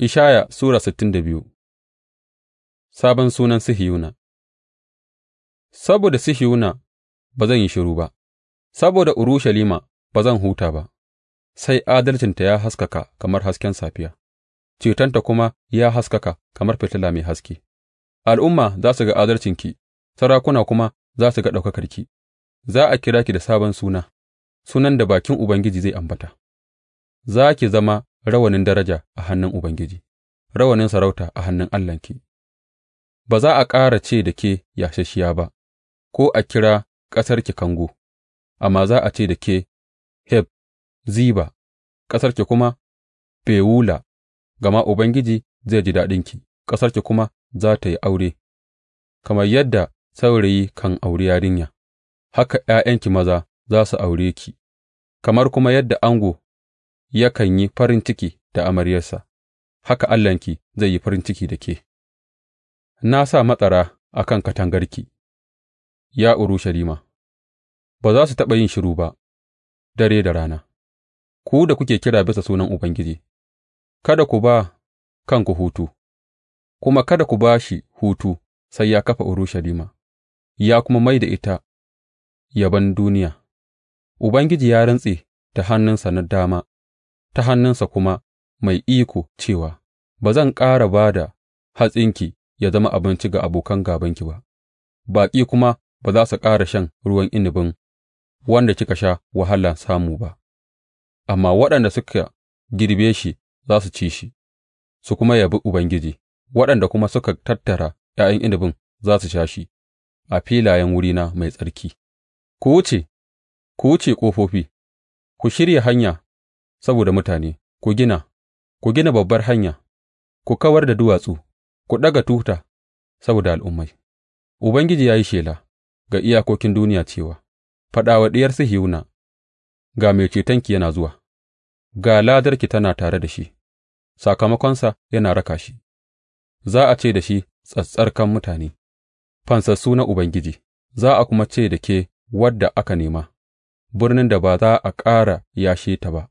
Ishaya Sura sittin da biyu Sabon sunan sihiyuna Saboda sihiyuna ba zan yi shiru ba, saboda Urushalima ba zan huta ba, sai adalcinta ya haskaka kamar hasken safiya, cetonta kuma ya haskaka kamar fitila mai haske, al'umma za su ga adalcinki, sarakuna kuma za su ga ɗaukakarki, za a kira ki da sabon suna, sunan da bakin Ubangiji zai ambata, za ki zama rawanin daraja a hannun Ubangiji, rawanin sarauta a hannun Allahnki, ba za a ƙara ce da ke yashashiya ba, ko a kira ƙasarki Kango, amma za a ce da ke heb Ziba, ƙasarki kuma Bewula, gama Ubangiji zai ji daɗinki, ƙasarki kuma za ta yi aure, kamar yadda saurayi kan auri yarinya, haka ’ya'yanki maza za su aure ki, kamar kuma yadda ango yakan yi farin ciki da amaryarsa, haka Allahnki zai yi farin ciki da ke. Na sa matsara a kan katangarki, ya Urushalima, ba za su taɓa yin shiru ba, dare da rana, ku da kuke kira bisa sunan Ubangiji, kada ku ba kanku hutu, kuma kada ku ba shi hutu sai ya kafa Urushalima, ya kuma mai da ita Yaban duniya. Ubangiji ya rantse da hannunsa na dama ta hannunsa kuma mai iko cewa, Ba zan ƙara ba da hatsinki ya zama abinci ga abokan gābanki ba, baƙi kuma ba za su ƙara shan ruwan inubin wanda kika sha wahala samu ba, amma waɗanda suka girbe shi za su ci shi, su kuma yabi Ubangiji, waɗanda kuma suka tattara ’ya'yan inubin za su sha shi a filayen wurina mai tsarki. Ku wuce, ku wuce ƙofofi, ku shirya hanya saboda mutane, ku gina, ku gina babbar hanya, ku kawar da duwatsu, ku ɗaga tuta saboda al'ummai; Ubangiji ya yi shela ga iyakokin duniya cewa, Faɗawa ɗiyar Diyar Ga Mai Cetonki yana zuwa, ga ladarki tana tare da shi, sakamakonsa yana raka shi, za a ce da shi tsattsarkan mutane, fansassu na Ubangiji, za a kuma ce da ke wadda aka nema, birnin da ba za a ƙara yashe ta ba.